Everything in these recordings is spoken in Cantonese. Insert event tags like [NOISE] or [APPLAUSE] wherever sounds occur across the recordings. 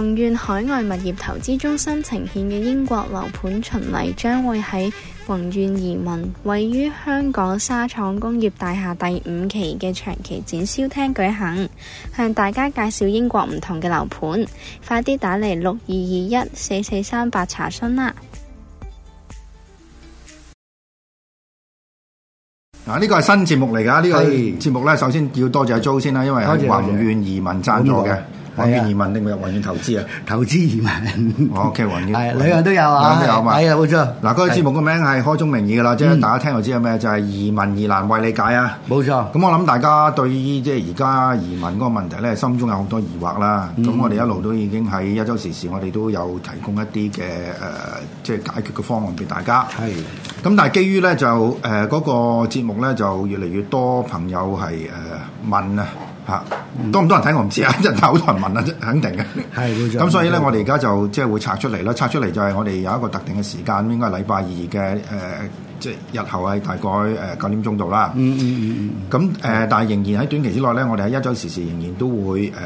宏願海外物業投資中心呈現嘅英國樓盤巡禮將會喺宏願移民位於香港沙廠工業大廈第五期嘅長期展銷廳舉行，向大家介紹英國唔同嘅樓盤。快啲打嚟六二二一四四三八查詢啦！嗱，呢個係新節目嚟噶，呢個節目咧，首先要多謝 Joe 先啦，因為係宏願移民贊助嘅。嗯揾錢移民定咪揾錢投資啊？投資移民 okay。我 O K，揾錢係兩樣都有啊。係啊，冇錯。嗱，嗰個節目個名係開宗明義噶啦，嗯、即係大家聽到就知係咩，就係、是、移民疑難為你解啊。冇錯。咁我諗大家對於即係而家移民嗰個問題咧，心中有好多疑惑啦。咁、嗯、我哋一路都已經喺一周時事，我哋都有提供一啲嘅誒，即、呃、係解決嘅方案俾大家。係的。咁但係基於咧就誒嗰、呃那個節目咧，就越嚟越多朋友係誒、呃、問啊。嚇，多唔多人睇我唔知啊！真係好多人問啊，真肯定嘅。係， [LAUGHS] 咁所以咧，冇錯，我哋而家就即係會拆出嚟啦。拆出嚟就係我哋有一個特定嘅時間，應該係禮拜二嘅誒、呃，即係日後係大概誒九點鐘度啦。嗯嗯嗯咁誒，呃嗯、但係仍然喺短期之內咧，我哋喺一週時事仍然都會誒、呃，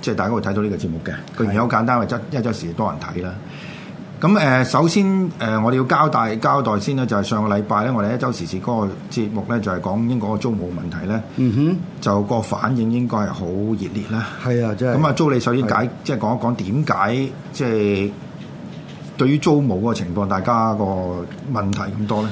即係大家會睇到呢個節目嘅。個樣好簡單，為一週時事多人睇啦。咁誒，首先誒，我哋要交代交代先咧，就係、是、上個禮拜咧，我哋一周時事嗰個節目咧，就係、是、講英國個租務問題咧，嗯哼，就個反應應該係好熱烈啦。係啊，即係咁啊，租你首先解，即係、啊就是、講一講點解，即係、就是、對於租務個情況，大家個問題咁多咧？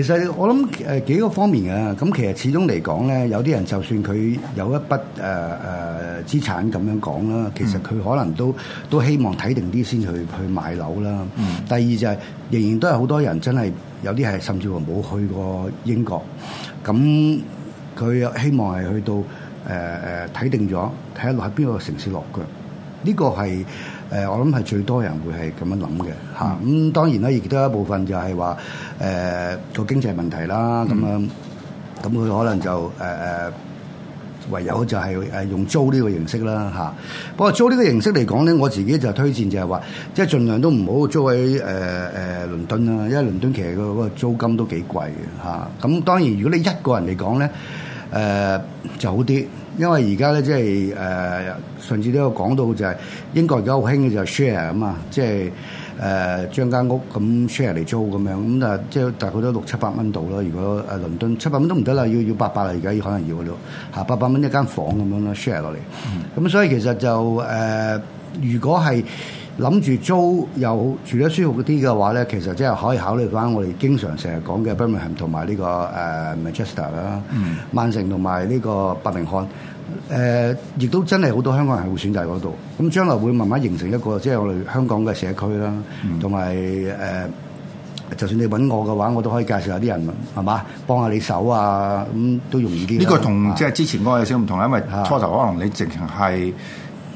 其實我諗誒幾個方面啊。咁其實始終嚟講咧，有啲人就算佢有一筆誒誒、呃、資產咁樣講啦，其實佢可能都都希望睇定啲先去去買樓啦。嗯、第二就係、是、仍然都係好多人真係有啲係甚至乎冇去過英國，咁佢希望係去到誒誒睇定咗，睇下落喺邊個城市落腳。呢個係誒，我諗係最多人會係咁樣諗嘅嚇。咁、嗯、當然咧，亦都有一部分就係話誒個經濟問題啦。咁樣咁佢可能就誒誒、呃，唯有就係誒用租呢個形式啦嚇、啊。不過租呢個形式嚟講咧，我自己就推薦就係話，即係盡量都唔好租喺誒誒倫敦啦，因為倫敦其實個租金都幾貴嘅嚇。咁、啊、當然如果你一個人嚟講咧，誒、呃、就好啲。因為而家咧，即係誒，上次都有講到就就係，就係英國而家好興嘅就 share 吖嘛，即係誒將間屋咁 share 嚟租咁樣，咁啊，即係大概都六七百蚊度啦。如果誒、啊、倫敦七百蚊都唔得啦，要要八百啦，而家要可能要到吓八百蚊一間房咁樣啦 share 落嚟。咁、嗯、所以其實就誒、呃，如果係。諗住租又住得舒服啲嘅話咧，其實即係可以考慮翻我哋經常成日講嘅 Birmingham 同埋呢個誒、呃、Manchester 啦，嗯、曼城同埋呢個伯明翰，誒、呃、亦都真係好多香港人係會選擇嗰度。咁將來會慢慢形成一個即係我哋香港嘅社區啦，同埋誒，就算你揾我嘅話，我都可以介紹下啲人係嘛，幫下你手啊，咁、嗯、都容易啲。呢個同吧即係之前嗰個有少唔同，因為初頭可能你直情係。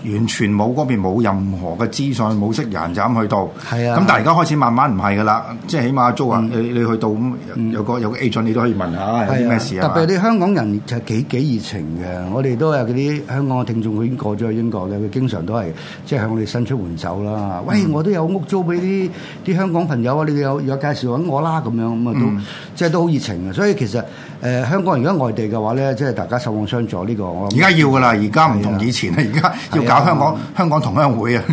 完全冇嗰邊冇任何嘅資訊，冇識人就咁去到。係啊！咁但係而家開始慢慢唔係㗎啦，即係起碼租啊，你、嗯、你去到咁有，有個有個 agent，你都可以問下係咩事啊。事特別啲香港人就幾幾熱情嘅，我哋都有嗰啲香港嘅聽眾，佢已經過咗去英國嘅。佢經常都係即係向我哋伸出援手啦。喂，我都有屋租俾啲啲香港朋友啊，你哋有有介紹緊我啦咁樣咁啊都、嗯、即係都好熱情嘅，所以其實。誒、呃、香港，而家外地嘅話咧，即係大家守望相助呢個。而家要嘅啦，而家唔同以前啦，而家要搞香港的香港同鄉會啊！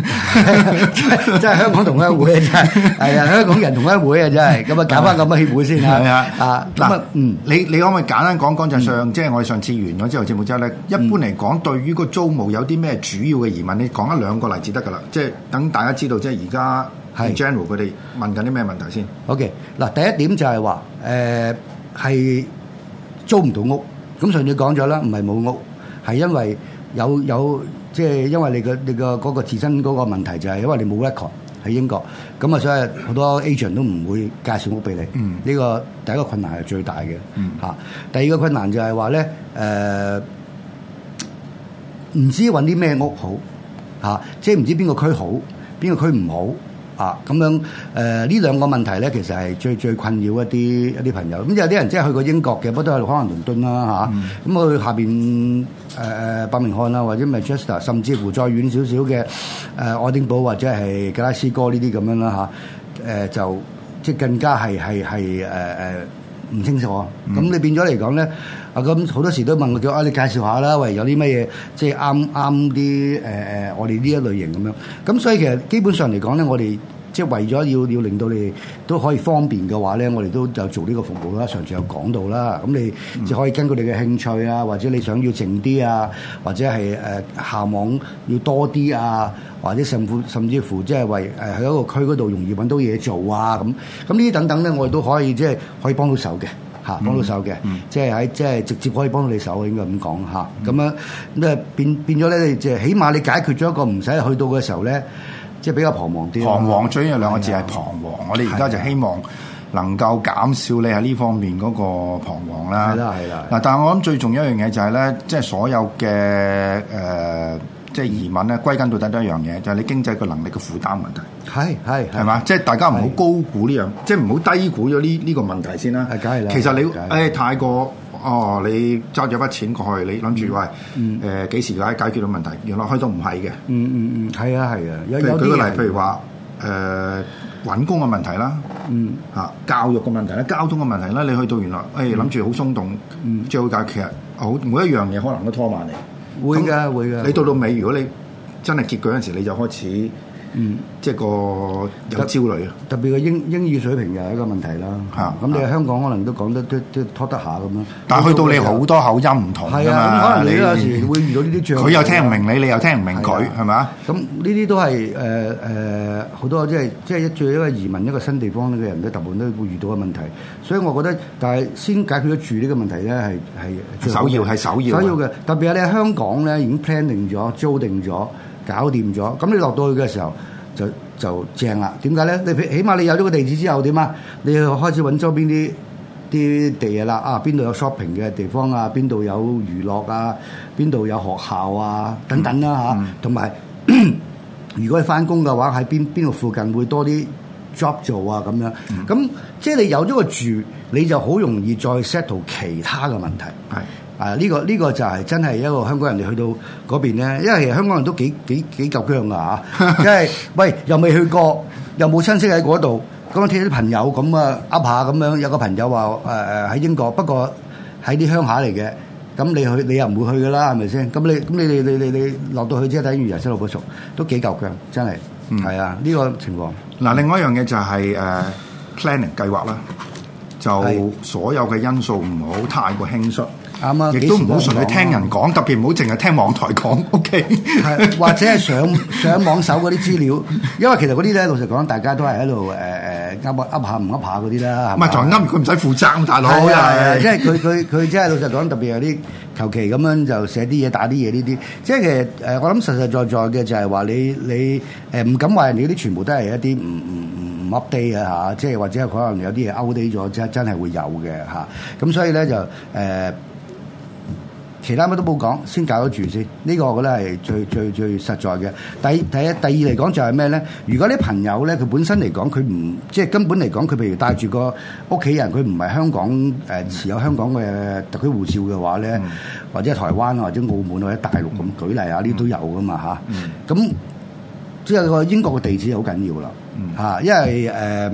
即係香港同鄉會啊！真係係啊，香港人同鄉會，會啊！真係咁啊，搞翻咁嘅氣氛先啦啊！嗱，嗯，你你可唔可以簡單講講上、嗯啊、即係我哋上次完咗之後節目之後咧，一般嚟講對於個租務有啲咩主要嘅疑問？你講一兩個例子得㗎啦，即係等大家知道即係而家係 general 佢哋問緊啲咩問題先？OK，嗱，第一點就係話誒係。呃租唔到屋，咁上次講咗啦，唔係冇屋，係因為有有即係、就是、因為你，你，你、那個你個嗰自身嗰個問題就係因為你冇 record 喺英國，咁啊所以好多 agent 都唔會介紹屋俾你。呢、嗯、個第一個困難係最大嘅嚇、嗯。第二個困難就係話咧誒，唔、呃、知揾啲咩屋好嚇，即係唔知邊個區好，邊個區唔好。啊，咁樣誒呢兩個問題咧，其實係最最困擾一啲一啲朋友。咁、呃、有啲人即係去過英國嘅，不都係可能倫敦啦嚇。咁、嗯啊、去下邊誒誒伯明翰啦，或者 Manchester 甚至乎再遠少少嘅誒愛丁堡或者係格拉斯哥呢啲咁樣啦嚇。誒、啊呃、就即係更加係係係誒誒。唔清楚啊！咁你變咗嚟講咧，啊咁好多時都問我咗啊，你介紹下啦，喂，有啲乜嘢即係啱啱啲誒誒，我哋呢一類型咁樣。咁所以其實基本上嚟講咧，我哋。即係為咗要要令到你都可以方便嘅話咧，我哋都就做呢個服務啦，上次有講到啦。咁你就可以根據你嘅興趣啊，或者你想要靜啲啊，或者係誒、呃、下網要多啲啊，或者甚，甚至乎即係為誒喺、呃、一個區嗰度容易揾到嘢做啊咁。咁呢啲等等咧，我哋都可以即係、嗯、可以幫到手嘅嚇，幫到手嘅，即係喺即係直接可以幫到你手，我應該咁講嚇。咁、嗯、樣咁誒變變咗咧，你即係起碼你解決咗一個唔使去到嘅時候咧。即係比較彷徨啲，彷徨最緊要兩個字係彷徨。的我哋而家就希望能夠減少你喺呢方面嗰個彷徨啦。係啦，係啦。嗱，但係我諗最重要一樣嘢就係咧，即係所有嘅誒，即、呃、係、就是、疑問咧，歸根到底都一樣嘢，就係、是、你經濟個能力嘅負擔問題。係係係嘛？即係、就是、大家唔好高估呢、這、樣、個，即係唔好低估咗呢呢個問題先啦。係，梗係啦。其實你誒、呃、太過。哦，你揸咗筆錢過去，你諗住喂，誒幾、嗯呃、時解解決到問題？原來開通唔係嘅，嗯嗯嗯，係啊係啊，有有啲，舉個例，譬如話誒揾工嘅問題啦，嗯嚇，啊、教育嘅問題啦，交通嘅問題啦，你去到原來，誒諗住好鬆動，嗯、最好解決，好每一樣嘢可能都拖慢你，會㗎的那會㗎，會㗎，你到到尾如果你真係結局嗰陣時候，你就開始。嗯，即係個有焦慮啊，特別個英英語水平又係一個問題啦，嚇、啊。咁、嗯、你喺香港可能都講得都都拖得下咁樣。但係去到你好多口音唔同㗎、嗯、啊、嗯，可能你有時你會遇到呢啲障礙。佢又聽唔明你，你又聽唔明佢，係咪啊？咁呢啲都係誒誒好多，即係即係一最一個移民一個新地方嘅人都特別都會遇到嘅問題。所以我覺得，但係先解決咗住呢個問題咧，係係首要係首要。首要嘅，特別係你喺香港咧已經 plan 定咗，租定咗。搞掂咗，咁你落到去嘅時候就就正啦。點解咧？你起碼你有咗個地址之後點啊？你去開始揾周邊啲啲地嘢啦。啊，邊度有 shopping 嘅地方啊？邊度有娛樂啊？邊度有學校啊？等等啦、啊、嚇。同埋、嗯嗯， [COUGHS] 如果你翻工嘅話，喺邊邊度附近會多啲 job 做啊？咁樣。咁即係你有咗個住，你就好容易再 settle 其他嘅問題。係、嗯。啊！呢個呢個就係真係一個香港人哋去到嗰邊咧，因為其實香港人都幾幾幾嚿姜噶嚇，即係喂又未去過，又冇親戚喺嗰度，咁聽啲朋友咁啊噏下咁樣，有個朋友話誒誒喺英國，不過喺啲鄉下嚟嘅，咁你去你又唔會去噶啦，係咪先？咁你咁你你你你落到去之後睇完，人生路不熟，都幾嚿姜，真係，係啊，呢個情況。嗱，另外一樣嘢就係誒 planning 計劃啦，就所有嘅因素唔好太過輕率。啱啊！亦都唔好純去聽人講，特別唔好淨係聽網台講。O、okay? K，或者係上 [LAUGHS] 上網搜嗰啲資料，因為其實嗰啲咧，老實講，大家都係喺度誒誒噏噏下唔噏下嗰啲啦，唔係噹噏，佢唔使負責咁，大佬又係，因為佢佢佢即係老實講，特別有啲求其咁樣就寫啲嘢打啲嘢呢啲，即係其實誒、呃、我諗實實在在嘅就係、是、話你你誒唔敢話人哋嗰啲全部都係一啲唔唔唔 update 嘅嚇，即係或者可能有啲嘢 out date 咗，真真係會有嘅嚇。咁、啊、所以咧就誒。呃呃其他乜都冇講，先搞得住先呢、這個，我覺得係最最最實在嘅。第第一第二嚟講就係咩咧？如果啲朋友咧，佢本身嚟講佢唔即係根本嚟講，佢譬如帶住個屋企人，佢唔係香港誒、嗯、持有香港嘅特區護照嘅話咧，嗯、或者台灣或者澳門或者大陸咁、嗯、舉例啊，呢都有㗎嘛嚇。咁即係個英國嘅地址好緊要啦嚇，嗯、因為誒。呃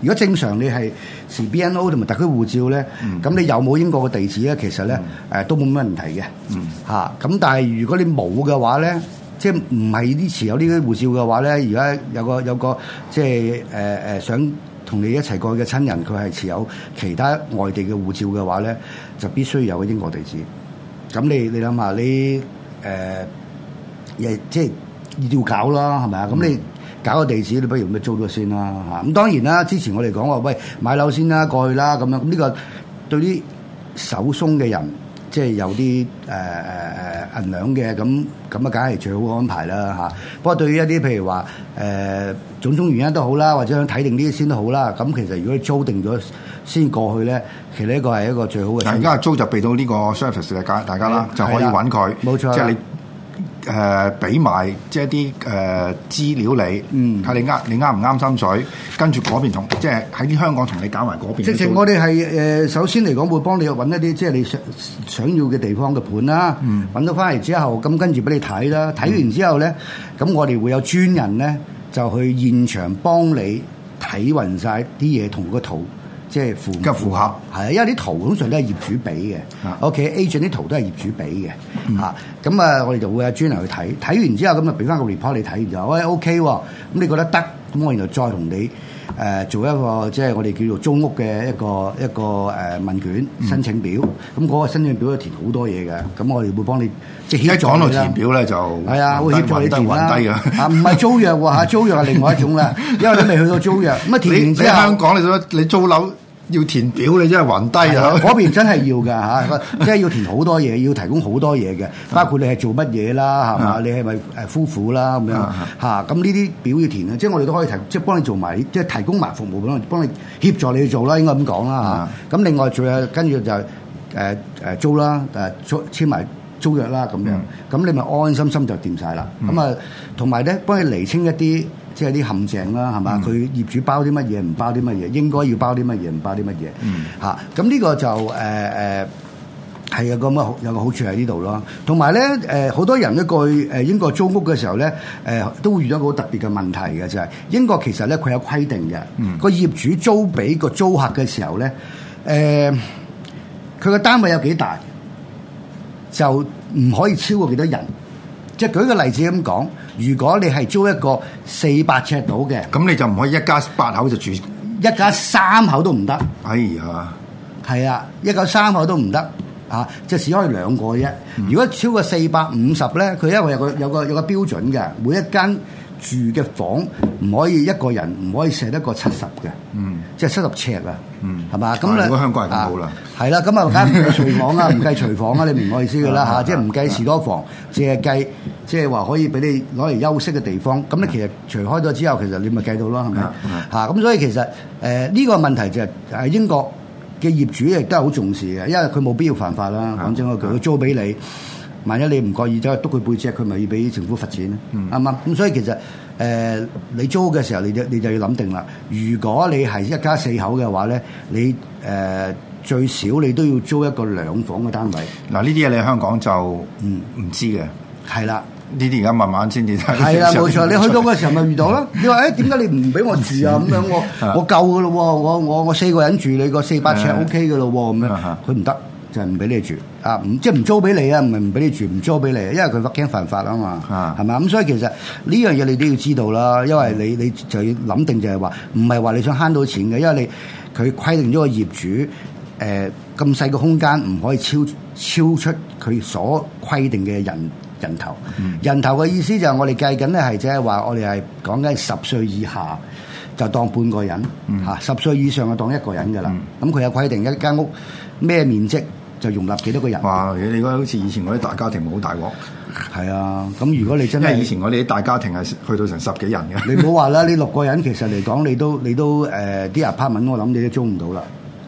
如果正常你係持 BNO 同埋特區護照咧，咁、嗯、你有冇英國嘅地址咧？其實咧誒都冇乜問題嘅嚇。咁、嗯、但係如果你冇嘅話咧，即係唔係啲持有呢啲護照嘅話咧，而家有個有個即係誒誒想同你一齊過去嘅親人，佢係持有其他外地嘅護照嘅話咧，就必須有英國地址。咁你你諗下你誒亦、呃、即係要搞啦，係咪啊？咁你、嗯。搞個地址，你不如咪租咗先啦嚇。咁當然啦，之前我哋講話，喂買樓先啦，過去啦咁樣。咁呢個對啲手鬆嘅人，即係有啲誒誒誒銀兩嘅，咁咁啊，梗係最好安排啦嚇。不過對於一啲譬如話誒、呃、種種原因都好啦，或者想睇定呢啲先都好啦。咁其實如果係租定咗先過去咧，其實呢個係一個最好嘅。但而家租就避到呢個 surface 嚟家大家啦，就可以揾佢，即係你。誒俾埋即係啲誒資料你，睇、嗯、你啱你啱唔啱心水？跟住嗰邊同即係喺香港同你搞埋嗰邊。即係我哋係誒首先嚟講會幫你去揾一啲即係你想想要嘅地方嘅盤啦，揾、嗯、到翻嚟之後咁跟住俾你睇啦，睇完之後咧咁、嗯、我哋會有專人咧就去現場幫你睇勻晒啲嘢同個圖。即係符，即係符合，係啊客，因為啲圖通常都係業主俾嘅，OK，agent 啲圖都係業主俾嘅，吓，咁、嗯、啊，我哋就會有專人去睇，睇完之後咁啊，俾翻個 report 你睇完就後，喂、哎、，OK 喎、哦，咁你覺得得，咁我然後再同你。誒做一個，即係我哋叫做租屋嘅一個一個誒問卷申請表，咁嗰個申請表要填好多嘢嘅，咁我哋會幫你即係直接協助你填表咧就係啊，會協助你填啦，唔係租約喎嚇，租約係另外一種啦，因為你未去到租約，咁啊填你喺香港你你租樓。要填表你真係暈低 [LAUGHS] 啊！嗰邊真係要㗎嚇、啊，即係要填好多嘢，要提供好多嘢嘅，包括你係做乜嘢啦，係嘛？你係咪誒夫婦啦咁樣嚇？咁呢啲表要填啊！即係我哋都可以提，即係幫你做埋，即係提供埋服務啦，幫你協助你去做啦，應該咁講啦嚇。咁、啊嗯啊、另外仲有，跟住就係、是、誒、呃、租啦，誒、啊、租簽埋租約啦咁樣。咁、嗯啊、你咪安安心心就掂晒啦。咁啊，同埋咧幫你釐清一啲。即係啲陷阱啦，係嘛？佢、嗯、業主包啲乜嘢，唔包啲乜嘢，應該要包啲乜嘢，唔包啲乜嘢。嚇、嗯啊，咁呢個就誒誒係有一個乜有個好處喺呢度咯。同埋咧誒，好多人去誒英國租屋嘅時候咧，誒、呃、都會遇到一個好特別嘅問題嘅就係、是、英國其實咧佢有規定嘅，個、嗯、業主租俾個租客嘅時候咧，誒佢個單位有幾大，就唔可以超過幾多人。即係舉個例子咁講。如果你係租一個四百尺到嘅，咁你就唔可以一家八口就住，一家三口都唔得。哎呀，係啊，一家三口都唔得啊，即係只可以兩個啫。嗯、如果超過四百五十咧，佢因為有個有個有個標準嘅，每一間。住嘅房唔可以一個人唔可以細得過七十嘅，嗯、即係七十呎啊，係嘛？咁你如果香港人冇啦，係啦，咁啊，唔計廚房啊，唔計廚房啊，你明我意思嘅啦嚇， [LAUGHS] 即係唔計士多房，淨係計即係話可以俾你攞嚟休息嘅地方。咁你其實除開咗之後，其實你咪計到咯，係咪？嚇咁 [LAUGHS] 所以其實誒呢、呃呢個問題就係英國嘅業主亦都係好重視嘅，因為佢冇必要犯法啦。反正佢佢租俾你。萬一你唔覺意，走去督佢背脊，佢咪要俾政府罰錢？啱嘛，咁所以其實誒，你租嘅時候，你就你就要諗定啦。如果你係一家四口嘅話咧，你誒最少你都要租一個兩房嘅單位。嗱，呢啲嘢你喺香港就唔唔知嘅，係啦。呢啲而家慢慢先至睇。係啦，冇錯。你去到嗰時候咪遇到咯。你話誒，點解你唔俾我住啊？咁樣我我夠嘅咯。我我我四個人住，你個四百尺 OK 嘅咯。咁樣佢唔得，就係唔俾你住。啊，唔即係唔租俾你啊，唔係唔俾你住，唔租俾你，啊，因為佢怕驚犯法啊嘛，係嘛、啊？咁所以其實呢樣嘢你都要知道啦，因為你你就要諗定就係話，唔係話你想慳到錢嘅，因為你佢規定咗個業主，誒咁細個空間唔可以超超出佢所規定嘅人人頭，嗯、人頭嘅意思就係、是、我哋計緊咧係即係話我哋係講緊十歲以下就當半個人，嚇、嗯啊、十歲以上就當一個人㗎啦。咁佢、嗯、有規定一間屋咩面積，就容納幾多個人？哇！你覺得好似以前嗰啲大家庭好大鑊，係啊。咁如果你真係，因為以前我哋啲大家庭係去到成十幾人嘅。你唔好話啦，你六個人其實嚟講，你都你都誒啲 apartment，我諗你都租唔到啦。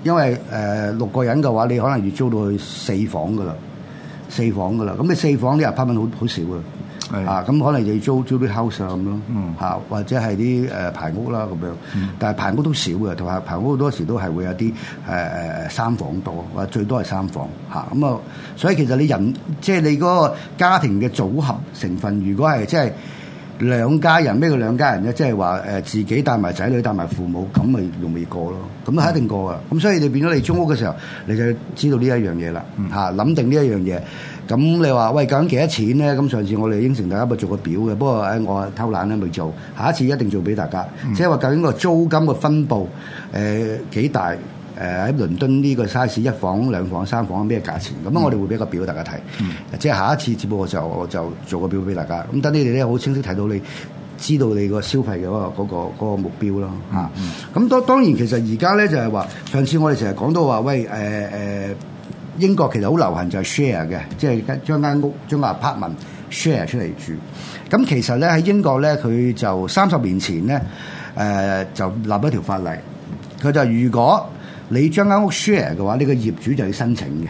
因為誒、呃、六個人嘅話，你可能要租到去四房噶啦，四房噶啦。咁你四房啲 apartment 好好少啊。啊，咁 [NOISE] 可能就要租租啲 house 咁咯，嚇或者係啲誒排屋啦咁樣，嗯、但係排屋都少嘅，同埋排屋好多時都係會有啲誒誒三房多，或者最多係三房嚇咁啊，啊，所以其實你人即係、即係、你嗰個家庭嘅組合成分，如果係即係兩家人，咩叫兩家人咧？即係話誒自己帶埋仔女帶埋父母，咁咪容易過咯，咁啊一定過啊，咁、嗯、所以變你變咗你租屋嘅時候，你就知道呢一樣嘢啦，嚇、啊、諗定呢一樣嘢。咁你話喂究竟幾多錢咧？咁上次我哋應承大家咪做個表嘅，不過誒、哎、我偷懶咧未做，下一次一定做俾大家。嗯、即係話究竟個租金個分佈誒幾、呃、大？誒、呃、喺倫敦呢個 size 一房、兩房、三房咩價錢？咁啊我哋會俾個表大家睇，嗯、即係下一次直播我就我就做個表俾大家。咁等你哋咧好清晰睇到你知道你個消費嘅嗰、嗰個嗰、嗰個嗰個、目標咯嚇。咁當、嗯嗯、當然其實而家咧就係話，上次我哋成日講到話喂誒誒。呃呃呃英國其實好流行就係 share 嘅，即係將間屋將個 apartment share 出嚟住。咁其實咧喺英國咧，佢就三十年前咧，誒、呃、就立一條法例，佢就如果你將間屋 share 嘅話，呢個業主就要申請嘅。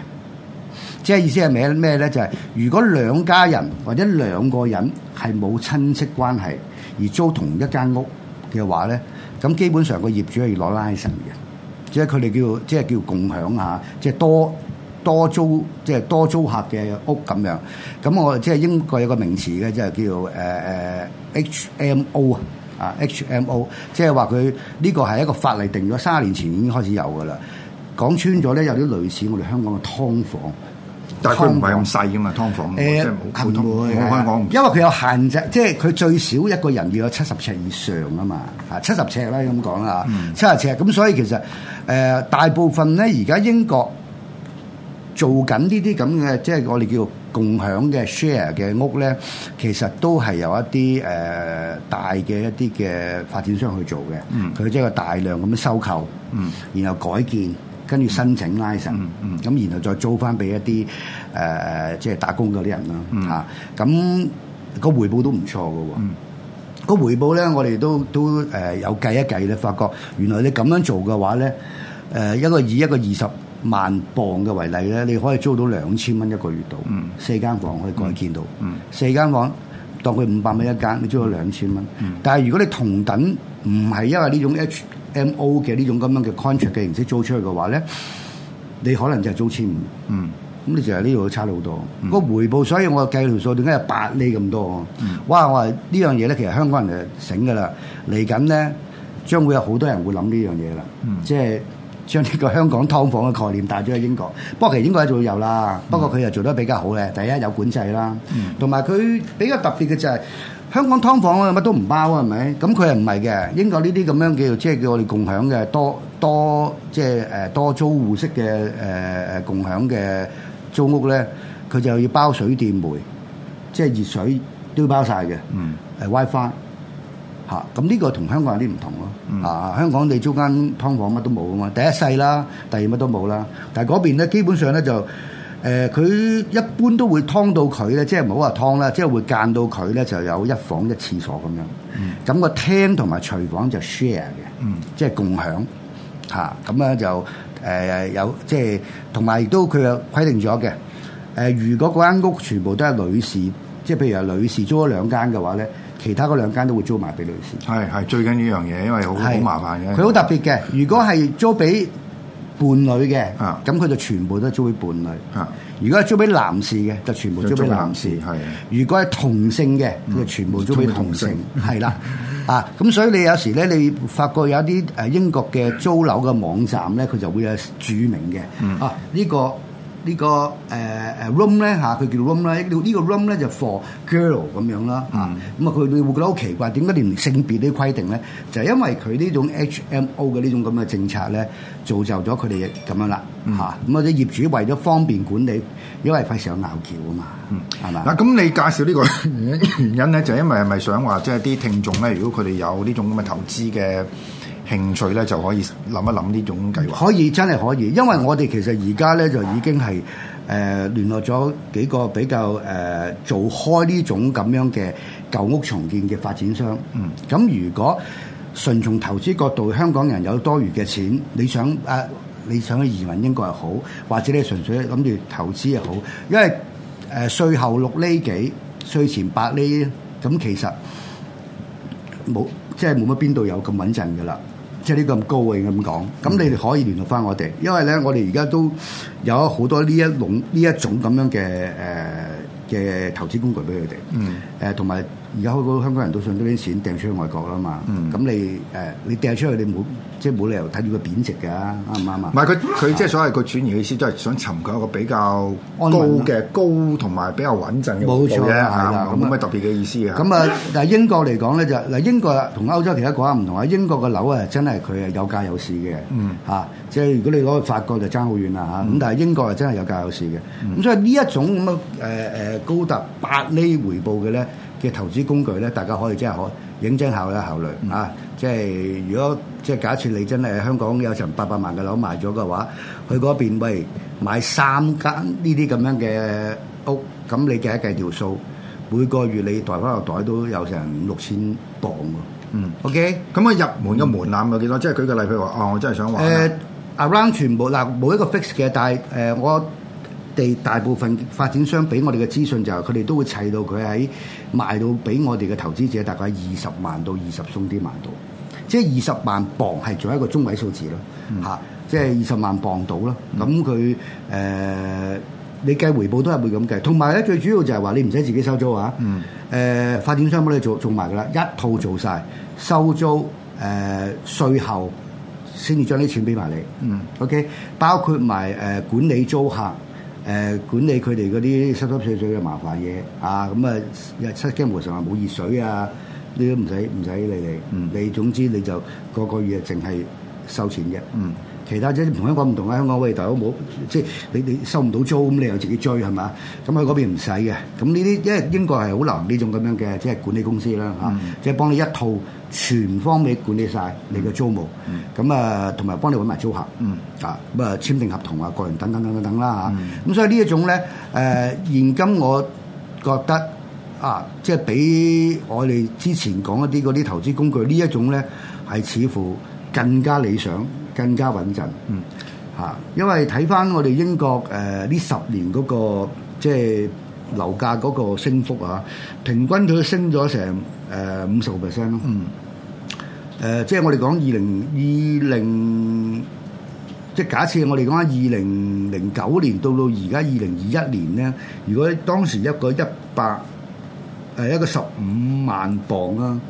即係意思係咩咧？就係、是、如果兩家人或者兩個人係冇親戚關係而租同一間屋嘅話咧，咁基本上個業主係要攞 license 嘅。即係佢哋叫即係叫共享下，即係多。多租即係多租客嘅屋咁樣，咁我即係英國有個名詞嘅，即係叫誒誒、呃、HMO 啊，啊 HMO，即係話佢呢個係一個法例定咗，三十年前已經開始有噶啦。講穿咗咧，有啲類似我哋香港嘅劏房，但係佢唔係咁細噶嘛，劏房、呃、即係冇。我唔講，因為佢有限制，即係佢最少一個人要有七十尺以上啊嘛，啊七十尺啦咁講啦，七十尺咁，所以其實誒、呃、大部分咧而家英國。做緊呢啲咁嘅，即係我哋叫共享嘅 share 嘅屋咧，其實都係有一啲誒、呃、大嘅一啲嘅發展商去做嘅。嗯。佢即係大量咁樣收購。嗯。然後改建，跟住申請 licence 咁、嗯嗯嗯、然後再租翻俾一啲誒、呃、即係打工嗰啲人啦。嗯。咁、吓個回報都唔錯嘅喎。嗯、個回報咧，我哋都都誒有計一計咧，發覺原來你咁樣做嘅話咧，誒一個以一,一個二十。萬磅嘅為例咧，你可以租到兩千蚊一個月度，嗯、四間房可以改建到，嗯嗯、四間房當佢五百蚊一間，你租到兩千蚊。嗯、但係如果你同等唔係因為呢種 HMO 嘅呢種咁樣嘅 contract 嘅形式租出去嘅話咧，你可能就係租千五。嗯，咁你就係呢度都差咗好多。嗯、個回報，所以我計條數，點解有八厘咁多？嗯、哇！我話呢樣嘢咧，其實香港人就醒噶啦，嚟緊咧將會有好多人會諗呢樣嘢啦。即係。將呢個香港劏房嘅概念帶咗去英國，不過其實英國係做有啦，嗯、不過佢又做得比較好咧。第一有管制啦，同埋佢比較特別嘅就係、係、香港劏房咧乜都唔包啊，係咪？咁佢係唔係嘅？英國呢啲咁樣叫做，即係叫我哋共享嘅多多即係誒多租戶式嘅誒誒共享嘅租屋咧，佢就要包水電煤，即係熱水都要包晒嘅，誒、嗯、WiFi。Fi 嚇！咁呢個同香港有啲唔同咯、啊。嚇、嗯啊！香港你租間劏房乜都冇啊嘛，第一細啦，第二乜都冇啦、啊。但係嗰邊咧，基本上咧就誒，佢、呃、一般都會劏到佢咧，即係唔好話劏啦，即、就、係、是、會間到佢咧就有一房一廁所咁樣。咁、嗯、個廳同埋廚房就 share 嘅，即係、嗯、共享嚇。咁、啊、咧就誒、呃、有即係同埋亦都佢有規定咗嘅。誒、呃，如果嗰間屋全部都係女士，即、就、係、是、譬如係女士租咗兩間嘅話咧。其他嗰兩間都會租埋俾女士，係係最緊要呢樣嘢，因為好好麻煩嘅。佢好特別嘅，如果係租俾伴侶嘅，咁佢就全部都租俾伴侶。如果係租俾男士嘅，就全部租俾男士。係。如果係同性嘅，佢就全部租俾同性。係啦，啊，咁所以你有時咧，你發覺有一啲誒英國嘅租樓嘅網站咧，佢就會有註明嘅。啊，呢個。呢、這個誒誒、呃、room 咧嚇，佢叫 room 咧，呢個 room 咧就 for girl 咁樣啦嚇。咁啊、嗯，佢你會覺得好奇怪，點解連性別呢啲規定咧？就係、是、因為佢呢種 HMO 嘅呢種咁嘅政策咧，造就咗佢哋咁樣啦嚇。咁、嗯啊、或者業主為咗方便管理，因為費事有拗撬啊嘛，係嘛、嗯？嗱吧，咁你介紹呢個原因咧，就係、因為係咪想話即係啲聽眾咧，如果佢哋有呢種咁嘅投資嘅？興趣咧就可以諗一諗呢種計劃。可以真係可以，因為我哋其實而家咧就已經係誒、呃、聯絡咗幾個比較誒做、呃、開呢種咁樣嘅舊屋重建嘅發展商。嗯。咁如果純從投資角度，香港人有多餘嘅錢，你想誒、呃、你想移民英國又好，或者你純粹諗住投資又好，因為誒稅、呃、後六厘幾，稅前八厘，咁其實冇即係冇乜邊度有咁穩陣噶啦。即係呢個咁高嘅，咁講，咁你哋可以聯絡翻我哋，因為咧，我哋而家都有好多呢一,一種呢一種咁樣嘅誒嘅投資工具俾佢哋。嗯，誒同埋。而家香港人都想將啲錢掟出去外國啦嘛，咁、嗯、你誒、呃、你掟出去你冇即係冇理由睇住佢貶值嘅，啱唔啱啊？唔係佢佢即係所謂個轉移嘅意思，都係想尋求一個比較高嘅高同埋比較穩陣嘅報咧，冇乜特別嘅意思嘅。咁、嗯、啊，嗱英國嚟講咧就嗱英國同歐洲其他國家唔同啊，英國嘅樓啊真係佢係有價有市嘅嚇、嗯啊，即係如果你攞去法國就爭好遠啦嚇。咁、啊、但係英國係真係有價有市嘅，咁、嗯嗯、所以呢一種咁嘅誒誒高達百厘回報嘅咧。嘅投資工具咧，大家可以真係可認真考慮考慮啊！即係如果即係假設你真係香港有成八百萬嘅樓賣咗嘅話，去嗰邊喂買三間呢啲咁樣嘅屋，咁你計一計條數，每個月你袋翻落袋都有成五六千磅喎。嗯，OK，咁啊入門嘅門檻有幾多？即係舉個例，譬如話啊，我真係想玩誒，around 全部嗱，冇一個 fix 嘅，但係誒我地大部分發展商俾我哋嘅資訊就係，佢哋都會砌到佢喺賣到俾我哋嘅投資者，大概二十萬到二十鬆啲萬度，即係二十萬磅係做一個中位數字咯，嚇、嗯，即係二十萬磅度啦。咁佢誒你計回報都係會咁計。同埋咧，最主要就係話你唔使自己收租啊，誒發展商幫你做做埋噶啦，一套做晒，收租誒稅、呃、後先至將啲錢俾埋你。嗯，OK，包括埋誒、呃、管理租客。誒管理佢哋嗰啲濕濕碎碎嘅麻煩嘢啊，咁啊又七驚無常啊冇熱水啊，呢啲唔使唔使理你哋，你總之你就個個月淨係收錢嘅。嗯，其他即係同香港唔同啊，香港喂大佬冇，即係你你收唔到租咁你又自己追係咪啊？咁佢嗰邊唔使嘅，咁呢啲因為英國係好難呢種咁樣嘅，即係管理公司啦嚇，即係幫你一套。全方位管理晒你嘅租務，咁啊、嗯，同埋幫你揾埋租客，嗯、啊，咁啊簽訂合同啊，個人等等等等等啦嚇。咁、啊嗯、所以呢一種咧，誒、呃、現今我覺得啊，即係比我哋之前講一啲嗰啲投資工具呢一種咧，係似乎更加理想、更加穩陣。嚇、啊，因為睇翻我哋英國誒呢、呃、十年嗰、那個即係樓價嗰個升幅啊，平均佢升咗成，誒五十個 percent 咯，誒即係我哋講二零二零，即係假設我哋講二零零九年到到而家二零二一年咧，如果當時一個一百誒一個十五萬磅啊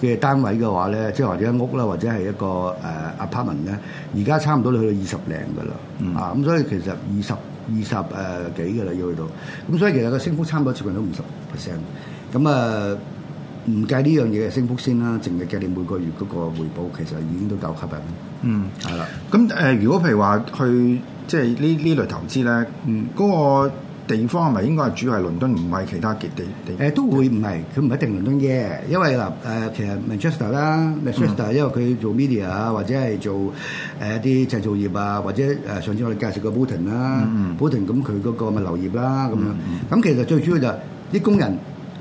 嘅單位嘅話咧，即係或者一屋啦，或者係一個誒、uh, apartment 咧，而家差唔多去到二十零㗎喇，嗯、啊咁、嗯、所以其實二十二十誒幾㗎喇要去到，咁、嗯、所以其實個升幅差唔多接近到五十 percent，咁啊～、嗯呃唔計呢樣嘢嘅升幅先啦，淨係計你每個月嗰個回報，其實已經都夠吸引。嗯，係啦。咁誒，如果譬如話去即係呢呢類投資咧，嗯，嗰個地方係咪應該係主要係倫敦，唔係其他極地地？誒都會唔係，佢唔一定倫敦嘅，因為嗱誒，其實 Manchester 啦，Manchester 因為佢做 media 啊，或者係做誒一啲製造業啊，或者誒上次我哋介紹個 Booting 啦，Booting 咁佢嗰個物流業啦，咁樣。咁其實最主要就係啲工人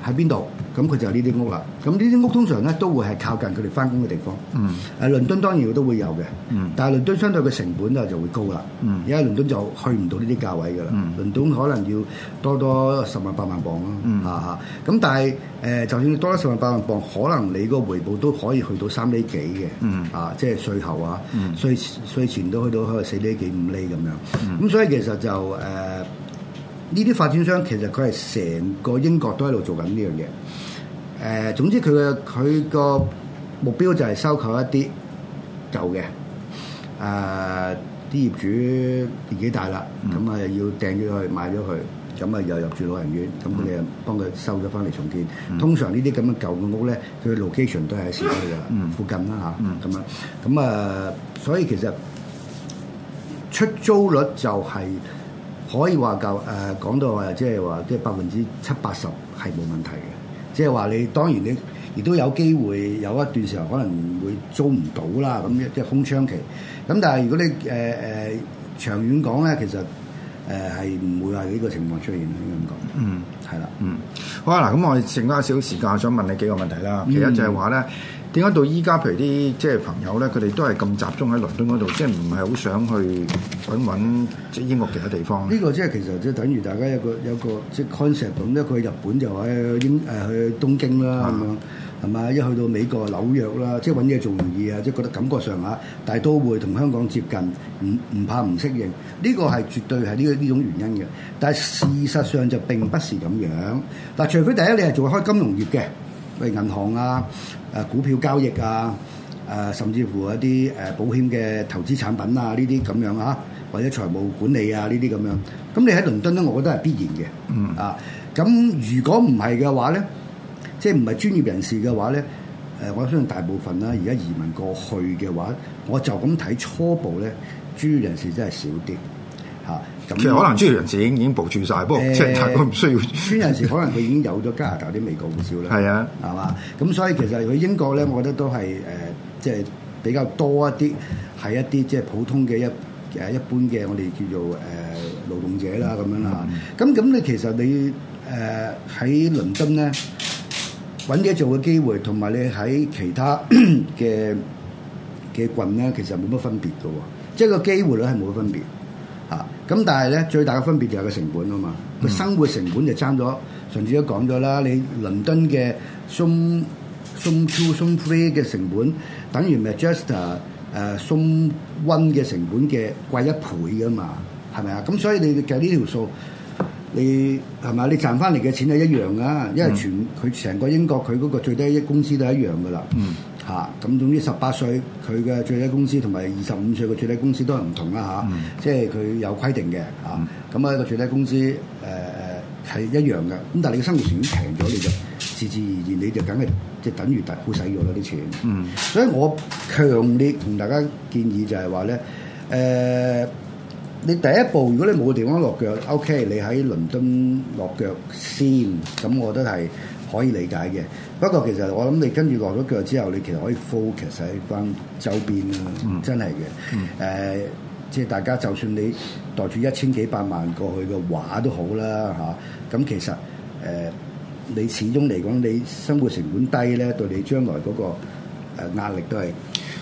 喺邊度。咁佢就係呢啲屋啦。咁呢啲屋通常咧都會係靠近佢哋翻工嘅地方。嗯。誒，倫敦當然都會有嘅。嗯。但係倫敦相對嘅成本咧就會高啦。嗯。因為倫敦就去唔到呢啲價位㗎啦。嗯。倫敦可能要多多十萬八萬磅咯。嗯。嚇嚇。咁但係誒，就算你多咗十萬八萬磅，可能你個回報都可以去到三厘幾嘅。啊，即係稅後啊。嗯。稅稅前都去到可能四厘幾五厘咁樣。嗯。咁所以其實就誒，呢啲發展商其實佢係成個英國都喺度做緊呢樣嘢。誒、呃，總之佢嘅佢個目標就係收購一啲舊嘅，誒、呃、啲業主年紀大啦，咁啊、嗯、要訂咗佢買咗佢，咁啊又入住老人院，咁佢哋幫佢收咗翻嚟重建。嗯、通常這這的的呢啲咁嘅舊嘅屋咧，佢嘅 location 都係喺市區、嗯、啊，附近啦嚇，咁、嗯、啊，咁、嗯、啊，所以其實出租率就係可以話夠誒，講、呃、到話即係話即係百分之七八十係冇問題嘅。即係話你當然你亦都有機會有一段時候可能會租唔到啦，咁即係空窗期。咁但係如果你誒誒、呃呃、長遠講咧，其實誒係唔會話呢個情況出現嘅咁講。嗯，係啦，嗯。好啊，嗱，咁我哋剩翻少少時間，想問你幾個問題啦。其實就係話咧。嗯點解到依家譬如啲即係朋友咧，佢哋都係咁集中喺倫敦嗰度，即係唔係好想去揾揾即係英國其他地方？呢個即係其實即係等於大家有個，有個即係 concept 咁、嗯，一佢日本就喺英誒去東京啦咁樣，係嘛、嗯？一去到美國紐約啦，即係揾嘢做容易啊，即係覺得感覺上嚇，但係都會同香港接近，唔唔怕唔適應。呢個係絕對係呢個呢種原因嘅，但係事實上就並不是咁樣。嗱，除非第一你係做開金融業嘅。喂，銀行啊，誒、啊、股票交易啊，誒、啊、甚至乎一啲誒、啊、保險嘅投資產品啊，呢啲咁樣啊，或者財務管理啊，呢啲咁樣，咁你喺倫敦咧，我覺得係必然嘅，嗯，啊，咁如果唔係嘅話咧，即係唔係專業人士嘅話咧，誒、啊，我相信大部分啦、啊，而家移民過去嘅話，我就咁睇初步咧，專業人士真係少啲。啊，那其實可能專業人士已經已經部署晒，呃、不過即係大唔需要。專業人士、呃、可能佢已經有咗加拿大啲美國護照啦。係是啊，係嘛？咁所以其實佢英國咧，我覺得都係誒，即、呃、係、就是、比較多一啲係一啲即係普通嘅一誒一般嘅我哋叫做誒、呃、勞動者啦咁樣啦。咁咁、嗯、你其實你誒喺、呃、倫敦咧揾嘢做嘅機會，同埋你喺其他嘅嘅郡咧，其實冇乜分別㗎喎，即係個機會率係冇乜分別，啊！咁但係咧，最大嘅分別就係個成本啊嘛，嗯、生活成本就爭咗。上次都講咗啦，你倫敦嘅 some two some three 嘅成本，等於咪 just 誒 some,、呃 some、one 嘅成本嘅貴一倍啊嘛，係咪啊？咁所以你計呢條數，你係咪？你賺翻嚟嘅錢係一樣噶，因為全佢成、嗯、個英國佢嗰個最低一工資都係一樣噶啦。嗯嚇，咁總之十八歲佢嘅最低工資同埋二十五歲嘅最低工資都係唔同啦嚇，嗯、即係佢有規定嘅嚇。咁、嗯、啊，呢個最低工資誒誒係一樣嘅。咁但係你嘅生活成本平咗，你就自自然然你就梗係即係等於好使咗啲錢。嗯，所以我強烈同大家建議就係話咧，誒、呃，你第一步如果你冇地方落腳，OK，你喺倫敦落腳先，咁我覺係。可以理解嘅，不過其實我諗你跟住落咗腳之後，你其實可以 focus 喺翻周邊啦，嗯、真係嘅。誒、嗯呃，即係大家就算你袋住一千幾百萬過去嘅話都好啦，嚇、啊。咁、嗯、其實誒、呃，你始終嚟講，你生活成本低咧，對你將來嗰、那個壓力都係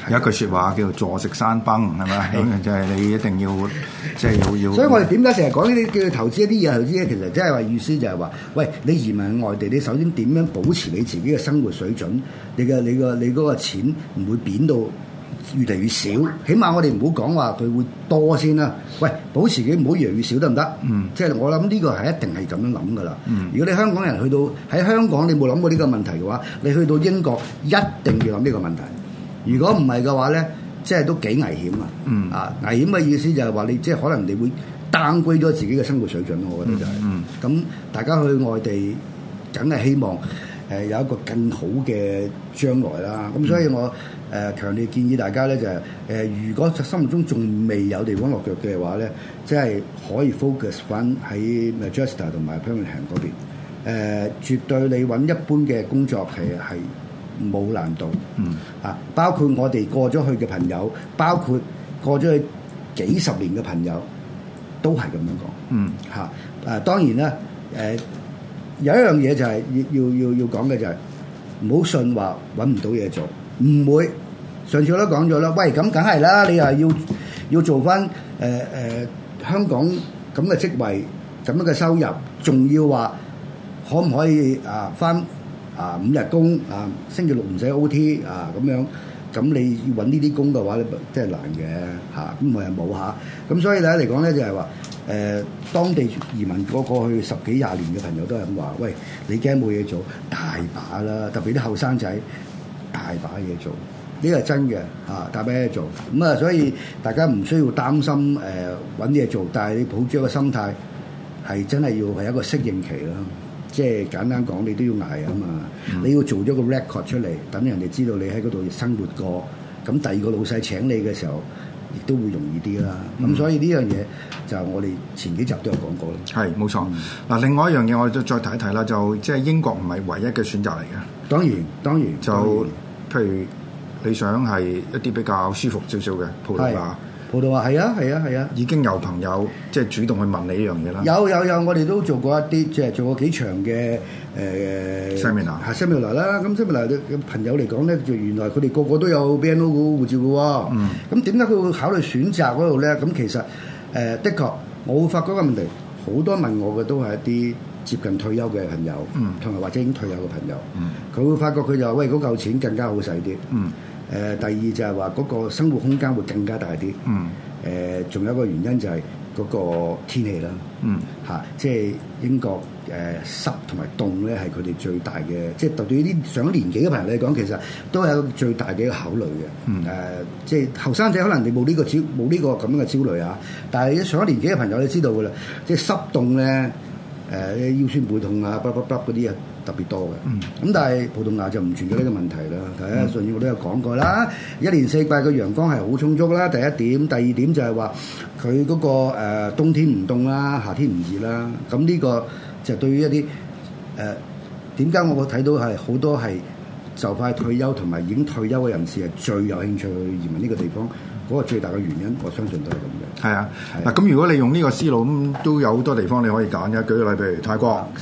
有一句説話叫做「坐食山崩」係咪？ [LAUGHS] 就係你一定要即係要要。 [LAUGHS] 所以我哋點解成日講呢啲叫做投資一啲嘢投資咧？其實真係話意思就係話，喂，你移民去外地，你首先點樣保持你自己嘅生活水準？你嘅你嘅你嗰個錢唔會貶到。越嚟越少，起碼我哋唔好講話佢會多先啦。喂，保持自己唔好越嚟越少得唔得？行行，嗯，即係我諗呢個係一定係咁樣諗噶啦。嗯，如果你香港人去到喺香港，你冇諗過呢個問題嘅話，你去到英國一定要諗呢個問題。如果唔係嘅話咧，即係都幾危險啊！嗯，啊，危險嘅意思就係話你即係可能你會 downgrade 咗自己嘅生活水準咯。我覺得就係，是嗯，嗯，咁大家去外地，梗係希望。誒、呃、有一個更好嘅將來啦，咁、啊、所以我誒、呃、強烈建議大家咧就誒、是呃，如果心目中仲未有地方落腳嘅話咧，即係可以 focus 翻喺 Majesta 同埋 permanent 嗰邊。誒、呃、絕對你揾一般嘅工作其實係係冇難度。嗯。啊，包括我哋過咗去嘅朋友，包括過咗去幾十年嘅朋友，都係咁樣講。嗯。嚇、啊！啊、呃，當然啦，誒、呃。有一樣嘢就係、是、要要要要講嘅就係唔好信話揾唔到嘢做，唔會，上次我都講咗啦。喂，咁梗係啦，你又要要做翻誒誒香港咁嘅職位，咁樣嘅收入，仲要話可唔可以啊翻啊五日工啊，星期六唔使 OT 啊咁樣，咁你要揾呢啲工嘅話，即係難嘅嚇，咁、啊、冇人冇嚇，咁、啊、所以第一嚟講咧就係、是、話。誒、呃、當地移民過去十幾廿年嘅朋友都係咁話，喂，你驚冇嘢做，大把啦，特別啲後生仔，大把嘢做，呢個係真嘅嚇、啊，大把嘢做，咁、嗯、啊，所以大家唔需要擔心誒揾嘢做，但係你抱住一個心態，係真係要係一個適應期咯，即係簡單講，你都要挨啊嘛，你要做咗個 record 出嚟，等人哋知道你喺嗰度生活過，咁第二個老細請你嘅時候。亦都會容易啲啦，咁、嗯、所以呢樣嘢就我哋前幾集都有講過咯。係冇錯。嗱、嗯，另外一樣嘢我哋再再提一提啦，就即係、就是、英國唔係唯一嘅選擇嚟嘅。當然就當然。就譬如你想係一啲比較舒服少少嘅鋪頭啊。我都話係啊，係啊，係啊，已經有朋友即係主動去問你呢樣嘢啦。有有有，我哋都做過一啲，即係做過幾場嘅誒。seminar 吓 seminar 啦，咁 seminar 嘅朋友嚟講咧，原來佢哋個個都有 BNO 護照嘅喎。嗯。咁點解佢會考慮選擇嗰度咧？咁其實誒、呃，的確，我會發覺個問題，好多問我嘅都係一啲接近退休嘅朋友，嗯，同埋或者已經退休嘅朋友，佢、嗯、會發覺佢就話：喂，嗰嚿錢更加好使啲，嗯。誒第二就係話嗰個生活空間會更加大啲，嗯呃。嗯。誒仲有一個原因就係嗰個天氣啦。嗯、啊。嚇，即係英國誒、呃、濕同埋凍咧，係佢哋最大嘅。即係特別對於啲上咗年紀嘅朋友嚟講，其實都有最大嘅一個考慮嘅。嗯、呃。誒，即係後生仔可能你冇呢、呢個焦冇呢個咁樣嘅焦慮啊，但係上咗年紀嘅朋友你知道嘅啦，即、就、係、是、濕凍咧誒腰酸背痛啊，卜卜卜嗰啲啊～特別多嘅，咁、嗯、但係葡萄牙就唔存在呢個問題啦。睇下順耳我都有講過啦，一年四季嘅陽光係好充足啦。第一點，第二點就係話佢嗰個冬天唔凍啦，夏天唔熱啦。咁呢個就對於一啲誒點解我會睇到係好多係就快退休同埋已經退休嘅人士係最有興趣去移民呢個地方，嗰、那個最大嘅原因，我相信都係咁嘅。係啊，嗱咁、啊啊、如果你用呢個思路，咁、嗯、都有好多地方你可以揀嘅。舉個例，譬如泰國。嗯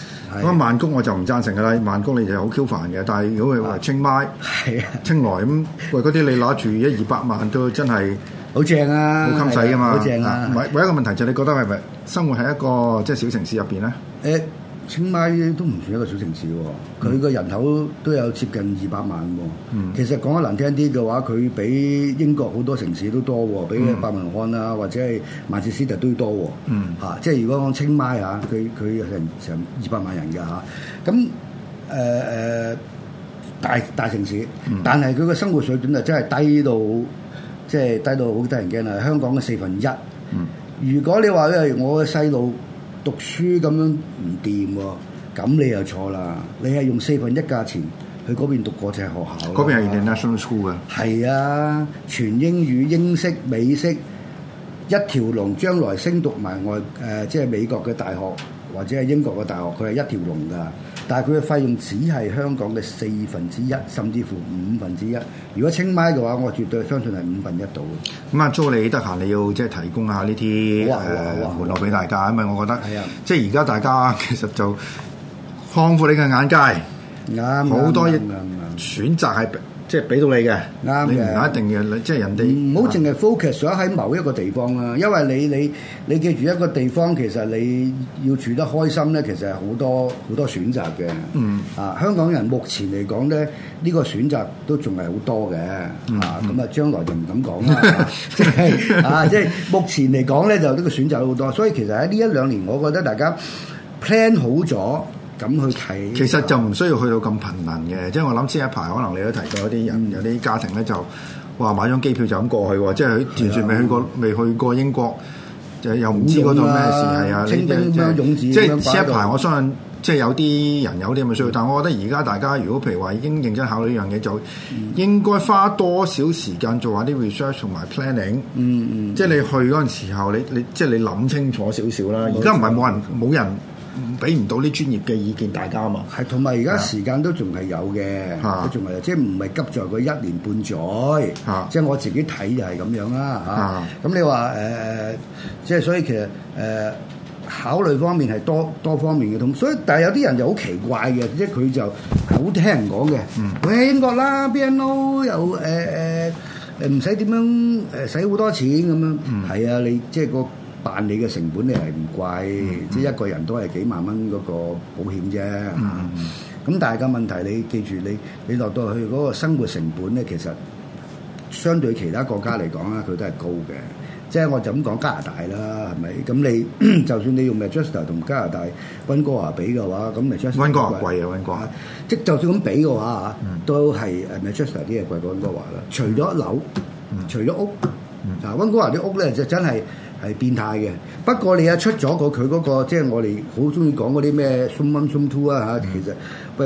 曼谷、嗯、我就唔贊成噶啦，曼谷你就好 Q 煩嘅。但係如果佢話清邁、係啊，清萊咁，喂嗰啲你攞住一二百萬都真係好正啊！好襟使噶嘛，好正啊！唯一、哎、一個問題就係你覺得係咪生活喺一個即係、就是、小城市入邊咧？誒。欸清邁都唔算一個小城市喎、哦，佢嘅、嗯、人口都有接近二百萬喎、哦。嗯、其實講得難聽啲嘅話，佢比英國好多城市都多、哦，比嘅伯明翰啦或者係曼徹斯特都要多、哦。嚇、嗯啊，即係如果講清邁嚇、啊，佢佢成成二百萬人㗎吓。咁誒誒大大城市，嗯、但係佢嘅生活水準就真係低到，即、就、係、是、低到好得人驚啦！香港嘅四分一。嗯、如果你話咧，我嘅細路。讀書咁樣唔掂喎，咁你又錯啦！你係用四分一價錢去嗰邊讀國際學校，嗰邊係 international school 啊，係啊，全英語英式美式一條龍，將來升讀埋外誒、呃、即係美國嘅大學或者係英國嘅大學，佢係一條龍㗎。但係佢嘅費用只係香港嘅四分之一，甚至乎五分之一。如果清邁嘅話，我絕對相信係五分一到嘅。咁啊，Joe 你得閒，你要即係提供下呢啲誒門路俾大家，因為我覺得、啊、即係而家大家其實就擴闊你嘅眼界，好對很多選擇係。即係俾到你嘅，啱嘅的，一定嘅，即係人哋唔好淨係 focus 咗喺某一個地方啦，因為你你你記住一個地方，其實你要住得開心咧，其實係好多好多選擇嘅。嗯，啊，香港人目前嚟講咧，呢個選擇都仲係好多嘅。啊，咁、嗯嗯、啊，將來就唔敢講啦。即係、 [LAUGHS] 就是、啊，即係目前嚟講咧，就呢個選擇好多，所以其實喺呢一兩年，我覺得大家 plan 好咗。咁去睇，其實就唔需要去到咁頻密嘅，即係我諗前一排可能你都提過一啲人有啲家庭咧就話買張機票就咁過去喎，即係佢完全未去過未去過英國，就又唔知嗰種咩事係啊，即係前一排我相信即係有啲人有啲咁嘅需要，但係我覺得而家大家如果譬如話已經認真考慮呢樣嘢，就應該花多少時間做下啲 research 同埋 planning，嗯嗯，即係你去嗰陣時候你你即係你諗清楚少少啦，而家唔係冇人冇人。俾唔到啲專業嘅意見大家啊嘛，係同埋而家時間都仲係有嘅，都仲係有即係唔係急在佢一年半載，嚇、啊，即係我自己睇就係咁樣啦、啊，嚇、啊，咁、啊、你話誒、呃，即係所以其實誒、呃、考慮方面係多多方面嘅，咁所以但係有啲人就好奇怪嘅，即係佢就好聽人講嘅，佢去、嗯、英國啦，BNO 又誒誒誒唔使點樣誒使好多錢咁樣，嗯，係啊，你，你即係個。辦理嘅成本咧係唔貴，即係一個人都係幾萬蚊嗰個保險啫。咁但係個問題，你記住你你落落去嗰個生活成本咧，其實相對其他國家嚟講咧，佢都係高嘅。即係我就咁講加拿大啦，係咪？咁你就算你用 Manchester 同加拿大溫哥華比嘅話，咁 Manchester 溫哥華貴啊，溫哥華即係就算咁比嘅話嚇，都係誒 Manchester 啲嘢貴過溫哥華啦。除咗樓，除咗屋，啊，溫哥華啲屋咧就真係～係變態嘅，不過你一出咗個佢嗰個，即係我哋好中意講嗰啲咩 from one from two 啊嚇，其實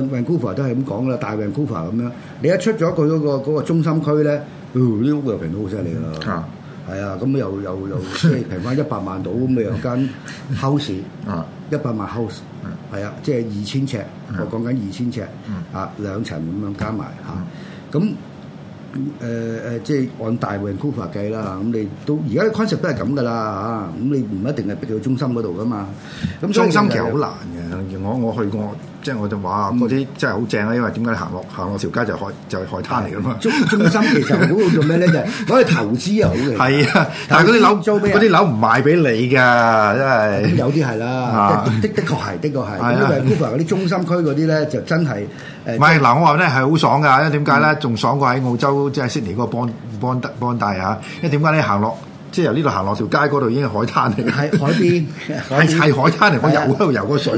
Vancouver 都係咁講啦，大 Vancouver 咁樣，你一出咗佢嗰個中心區咧，呢，呢屋又平到好犀利啦，係啊，咁又又又即係平翻一百萬度。咁有間 house，一百萬 house，係啊，啊，即係二千尺，我講緊二千尺，啊兩層咁樣加埋嚇，咁，嗯。嗯嗯誒誒、呃，即係按大 van cover 計啦。咁、嗯、你都而家 concept 都係咁噶啦嚇。咁、嗯、你唔一定係逼到中心嗰度噶嘛。咁、就係、中心其實好難嘅、啊。我我去過，即係我就哇嗰啲真係好正呀。因為點解你行落行落條街就海就係、海灘嚟噶嘛。中中心其實如果做咩咧就攞、係、去投資又好嘅。 [LAUGHS] 啊，但係嗰啲樓租咩？啲樓唔賣俾你㗎，真係。啊、有啲係啦，的的，的確係的確係，因為 cover 嗰啲中心區嗰啲咧就真係。 [LAUGHS] 唔係，嗱、 [NOISE] 嗯、 [NOISE] 我話咧係好爽㗎，因為點解呢？仲、嗯、爽過喺澳洲即係 Sydney 個邦邦德邦大啊！因為點解咧？行落。即係由呢度行落條街嗰度已經係海灘嚟嘅，係海邊，係係海灘嚟，可以遊喺度遊嗰個水，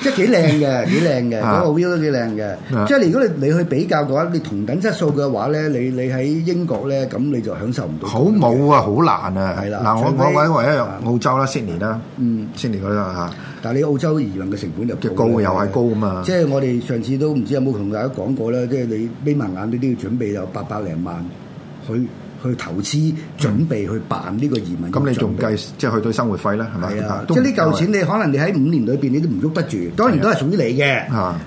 即係幾靚嘅，幾靚嘅，嗰個 view 都幾靚嘅。即係如果你你去比較嘅話，你同等質素嘅話咧，你你喺英國咧，咁你就享受唔到。好冇啊，好難啊，係啦。嗱，我我揾唯一澳洲啦，悉尼啦，嗯，悉尼嗰度嚇。但係你澳洲移民嘅成本又極高，又係高啊嘛。即係我哋上次都唔知有冇同大家講過咧，即係你眯埋眼都都要準備有八百零萬去。去投資，準備去辦呢個移民。咁你仲計即係去到生活費咧，係咪？即係呢嚿錢，你可能你喺五年裏邊你都唔喐得住。當然都係屬於你嘅，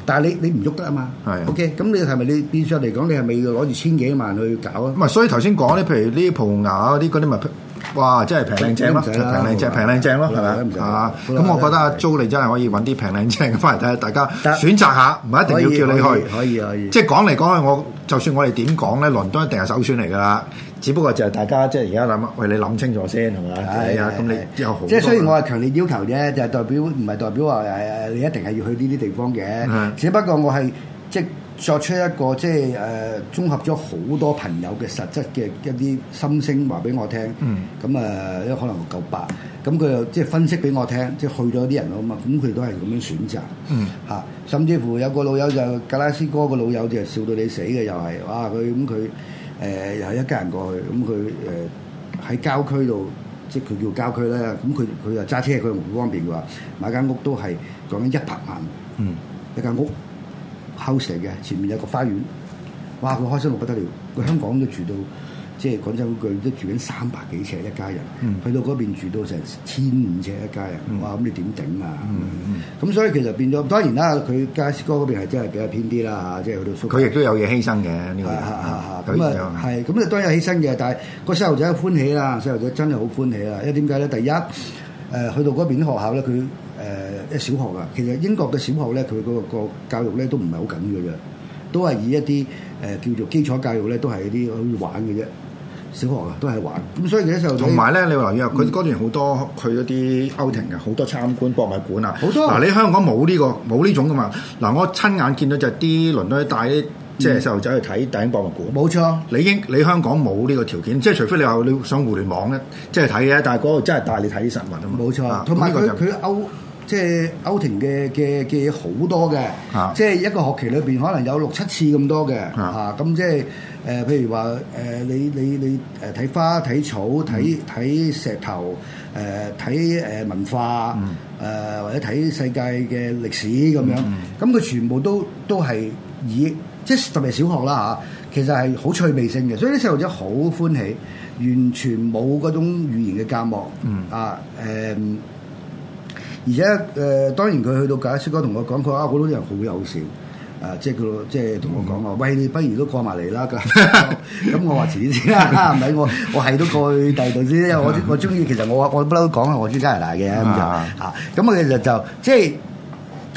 但係你你唔喐得啊嘛。O K，咁你係咪你變相嚟講，你係咪要攞住千幾萬去搞啊？唔係，所以頭先講咧，譬如呢葡萄牙嗰啲嗰啲咪哇，真係平靚正咯，平靚正，平靚正咯，係咪？咁我覺得租你真係可以揾啲平靚正嘅翻嚟睇，大家選擇下，唔係一定要叫你去。可以可以。即係講嚟講去，我就算我哋點講咧，倫敦一定係首選嚟㗎啦。只不過就係大家即係而家諗，喂，你諗清楚先係嘛？係啊，咁你即係很雖然我係強烈要求啫，就係、代表唔係代表話誒、啊、你一定係要去呢啲地方嘅。是的 只不過我係即係作出一個即係誒、呃、綜合咗好多朋友嘅實質嘅一啲心聲話俾我聽。咁啊、嗯，因、呃、為可能夠白，咁佢又即係分析俾我聽，即係去咗啲人啊嘛，咁佢都係咁樣選擇。嚇、嗯啊，甚至乎有個老友就、格拉斯哥個老友就笑到你死嘅又係，哇！佢咁佢。嗯嗯嗯嗯嗯嗯誒又係一家人過去，咁佢誒喺郊區度，即係佢叫郊區咧，咁佢佢又揸車，佢又唔方便嘅話，買間屋都係講緊一百萬，嗯，一間屋 house 嘅，前面有個花園，哇，佢開心到不得了，佢香港都住到。即係廣州嗰句，都住緊三百幾尺一家人，嗯、去到嗰邊住到成千五尺一家人，哇、嗯！咁你點整啊？咁、嗯嗯、所以其實變咗，當然啦，佢家哥嗰邊係真係比較偏啲啦嚇，即係佢亦都有嘢犧牲嘅，呢、呢個係係係咁啊，當然有犧牲嘅，但係個細路仔歡喜啦，細路仔真係好歡喜啦，因為點解咧？第一誒、呃，去到嗰邊啲學校咧，佢誒一小學啊，其實英國嘅小學咧，佢嗰個教育咧都唔係好緊嘅啫，都係以一啲誒叫做基礎教育咧，都係一啲可以玩嘅啫。小學啊，都係玩，咁、嗯、所以啲細路同埋咧，你話要啊，佢嗰段好多去嗰啲歐庭啊，好多參觀博物館啊。好多嗱、啊，你香港冇呢、呢個冇呢種噶嘛？嗱、啊，我親眼見到就係啲倫敦帶啲即係細路仔去睇大英博物館。冇、嗯、錯，你英你香港冇呢個條件，即係除非你話你上互聯網咧，即係睇嘅，但係嗰度真係帶你睇啲實物啊嘛。冇錯，同埋、啊啊、就佢、是、歐。即係歐庭嘅嘅嘅嘢好多嘅，啊、即係一個學期裏邊可能有六七次咁多嘅嚇，咁、啊啊、即係誒、呃，譬如話誒、呃，你你你誒睇花、睇草、睇睇石頭、誒睇誒文化、誒、嗯呃、或者睇世界嘅歷史咁、嗯、樣，咁佢全部都都係以即係特別小學啦嚇、啊，其實係好趣味性嘅，所以啲細路仔好歡喜，完全冇嗰種語言嘅隔膜，啊誒。嗯嗯嗯而且誒、呃，當然佢去到搞得出街，同我講佢話好多啲人好友善。誒、啊，即係佢即係同我講話，嗯、喂，你不如都過埋嚟啦咁。咁、啊 [LAUGHS] [LAUGHS] 啊、我話遲啲先啦，唔係我我係都過去第二度先，因為我我中意，其實我我不嬲都講係我中意加拿大嘅。咁就其實就即係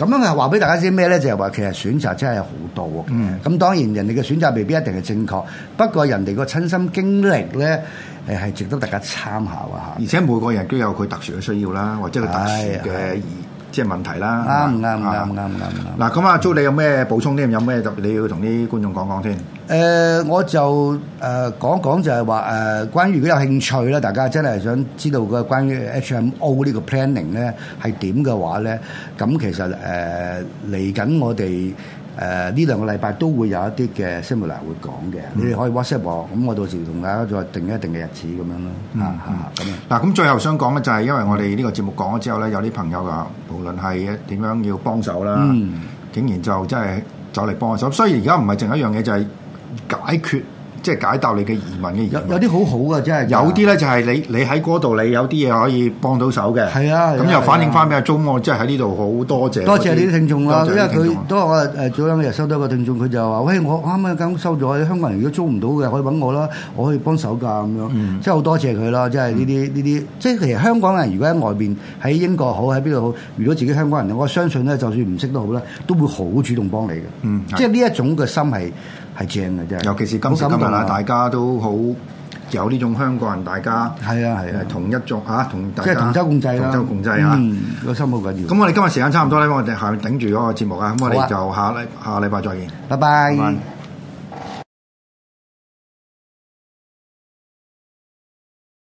咁樣係話俾大家知咩咧？就係話其實選擇真係好多。咁當然人哋嘅選擇未必一定係正確，不過人哋個親身經歷咧。誒係值得大家參考啊！嚇，而且每個人都有佢特殊嘅需要啦，或者佢特殊嘅即係問題啦、哎呀。啱唔啱？啱啱？啱啱？嗱，咁啊，Joe，你有咩補充咧？有咩特別你要同啲觀眾講講先？誒、呃，我就誒、呃、講講就係話誒，關於如果有興趣咧，大家真係想知道嘅關於 HMO 呢個 planning 咧係點嘅話咧，咁其實誒嚟緊我哋。誒呢兩個禮拜都會有一啲嘅 seminar 會講嘅，你哋可以 WhatsApp 我，咁我到時同大家再定一定嘅日子咁樣咯，啊嚇咁。嗱咁最後想講咧就係因為我哋呢個節目講咗之後咧，有啲朋友話無論係點樣要幫手啦，嗯、竟然就真係、就是、走嚟幫手。雖然而家唔係淨係一樣嘢就係、是、解決。即係解答你嘅疑問嘅有有啲好好嘅，真係。有啲咧、啊、就係、是、你你喺嗰度，你有啲嘢可以幫到手嘅。係啊，咁又、啊、反映翻俾、啊啊、阿鐘我，即係喺呢度好多謝。多謝呢啲聽眾啦，多眾啦，因為佢都我誒、呃、早兩日收到一個聽眾，佢就話：，喂，我啱啱咁收咗香港人，如果租唔到嘅，可以揾我啦，我可以幫手㗎咁樣。即係好多謝佢啦，即係呢啲呢啲，即係、嗯就是、其實香港人如果喺外邊，喺英國好，喺邊度好，如果自己香港人，我相信咧，就算唔識都好啦，都會好主動幫你嘅。即係呢一種嘅心係。係正嘅啫，尤其是今時今日啊，大家都好有呢種香港人，大家係啊係啊，同一族嚇，即同即係同舟共濟，同舟共濟嚇。老、嗯啊、心好緊要。咁我哋今日時間差唔多咧，我哋下面頂住嗰個節目啊，咁我哋就下禮下禮拜再見。拜拜。拜拜。